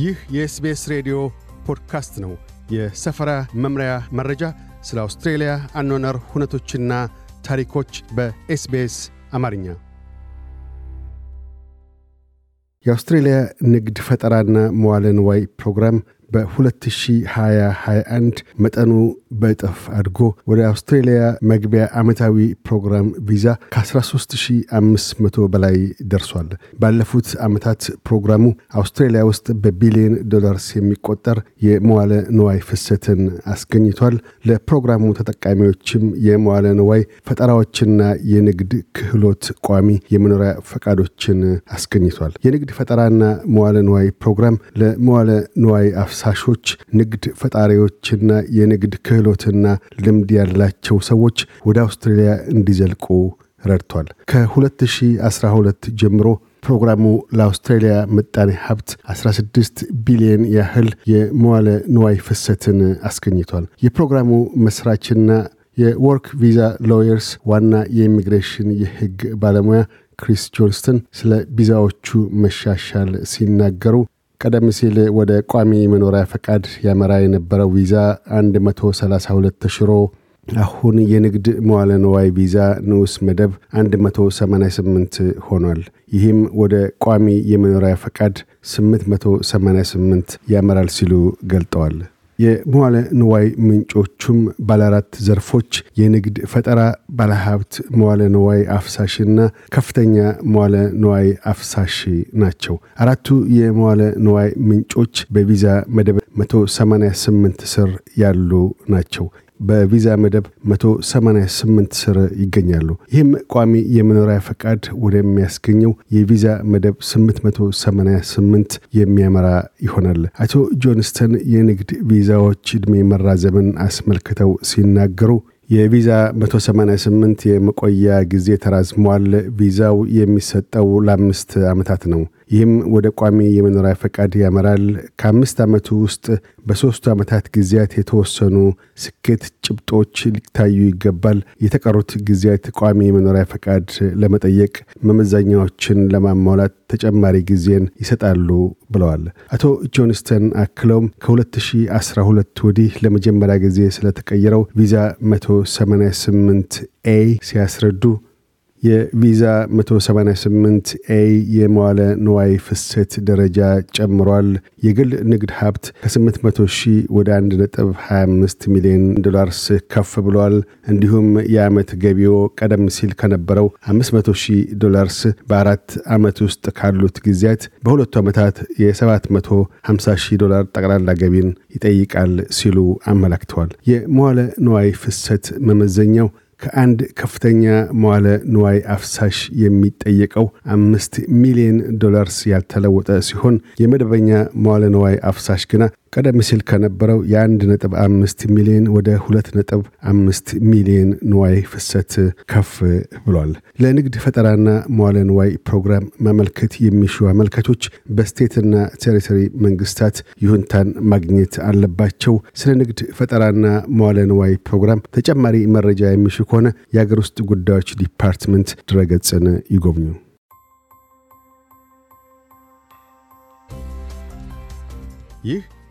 ይህ የኤስቤስ ሬዲዮ ፖድካስት ነው። የሰፈራ መምሪያ መረጃ፣ ስለ አውስትሬልያ አኗኗር ሁነቶችና ታሪኮች በኤስቤስ አማርኛ። የአውስትሬልያ ንግድ ፈጠራና መዋለንዋይ ፕሮግራም በ 2021 መጠኑ በእጥፍ አድጎ ወደ አውስትሬልያ መግቢያ ዓመታዊ ፕሮግራም ቪዛ ከ13500 በላይ ደርሷል። ባለፉት ዓመታት ፕሮግራሙ አውስትሬልያ ውስጥ በቢሊዮን ዶላርስ የሚቆጠር የመዋለ ንዋይ ፍሰትን አስገኝቷል። ለፕሮግራሙ ተጠቃሚዎችም የመዋለ ንዋይ ፈጠራዎችና የንግድ ክህሎት ቋሚ የመኖሪያ ፈቃዶችን አስገኝቷል። የንግድ ፈጠራና መዋለ ንዋይ ፕሮግራም ለመዋለ ንዋይ አፍሳሾች፣ ንግድ ፈጣሪዎችና የንግድ ክህሎ ክህሎትና ልምድ ያላቸው ሰዎች ወደ አውስትራሊያ እንዲዘልቁ ረድቷል። ከ2012 ጀምሮ ፕሮግራሙ ለአውስትራሊያ ምጣኔ ሀብት 16 ቢሊዮን ያህል የመዋለ ንዋይ ፍሰትን አስገኝቷል። የፕሮግራሙ መስራችና የወርክ ቪዛ ሎየርስ ዋና የኢሚግሬሽን የህግ ባለሙያ ክሪስ ጆንስተን ስለ ቢዛዎቹ መሻሻል ሲናገሩ ቀደም ሲል ወደ ቋሚ መኖሪያ ፈቃድ ያመራ የነበረው ቪዛ 132 ተሽሮ አሁን የንግድ መዋለ ንዋይ ቪዛ ንዑስ መደብ 188 ሆኗል። ይህም ወደ ቋሚ የመኖሪያ ፈቃድ 888 ያመራል ሲሉ ገልጠዋል። የመዋለ ንዋይ ምንጮቹም ባለአራት ዘርፎች የንግድ ፈጠራ፣ ባለሀብት፣ መዋለ ንዋይ አፍሳሽና ከፍተኛ መዋለ ንዋይ አፍሳሽ ናቸው። አራቱ የመዋለ ንዋይ ምንጮች በቪዛ መደብ 188 ስር ያሉ ናቸው። በቪዛ መደብ 188 ስር ይገኛሉ። ይህም ቋሚ የመኖሪያ ፈቃድ ወደሚያስገኘው የቪዛ መደብ 888 የሚያመራ ይሆናል። አቶ ጆንስተን የንግድ ቪዛዎች ዕድሜ መራዘምን አስመልክተው ሲናገሩ የቪዛ 188 የመቆያ ጊዜ ተራዝሟል። ቪዛው የሚሰጠው ለአምስት ዓመታት ነው። ይህም ወደ ቋሚ የመኖሪያ ፈቃድ ያመራል። ከአምስት ዓመቱ ውስጥ በሦስቱ ዓመታት ጊዜያት የተወሰኑ ስኬት ጭብጦች ሊታዩ ይገባል። የተቀሩት ጊዜያት ቋሚ የመኖሪያ ፈቃድ ለመጠየቅ መመዛኛዎችን ለማሟላት ተጨማሪ ጊዜን ይሰጣሉ ብለዋል። አቶ ጆንስተን አክለውም ከ2012 ወዲህ ለመጀመሪያ ጊዜ ስለተቀየረው ቪዛ 188 ኤ ሲያስረዱ የቪዛ 188 ኤ የመዋለ ንዋይ ፍሰት ደረጃ ጨምሯል። የግል ንግድ ሀብት ከ800 ሺህ ወደ 1.25 ሚሊዮን ዶላርስ ከፍ ብሏል። እንዲሁም የዓመት ገቢዎ ቀደም ሲል ከነበረው 500 ሺህ ዶላርስ በአራት ዓመት ውስጥ ካሉት ጊዜያት በሁለቱ ዓመታት የ750 ሺህ ዶላር ጠቅላላ ገቢን ይጠይቃል ሲሉ አመላክተዋል። የመዋለ ንዋይ ፍሰት መመዘኛው ከአንድ ከፍተኛ መዋለ ንዋይ አፍሳሽ የሚጠየቀው አምስት ሚሊዮን ዶላርስ ያልተለወጠ ሲሆን የመደበኛ መዋለ ንዋይ አፍሳሽ ግና ቀደም ሲል ከነበረው የ1.5 ሚሊዮን ወደ 2.5 ሚሊዮን ንዋይ ፍሰት ከፍ ብሏል። ለንግድ ፈጠራና መዋለ ንዋይ ፕሮግራም ማመልከት የሚሹ አመልካቾች በስቴትና ቴሪቶሪ መንግስታት ይሁንታን ማግኘት አለባቸው። ስለ ንግድ ፈጠራና መዋለ ንዋይ ፕሮግራም ተጨማሪ መረጃ የሚሹ ከሆነ የአገር ውስጥ ጉዳዮች ዲፓርትመንት ድረገጽን ይጎብኙ። ይህ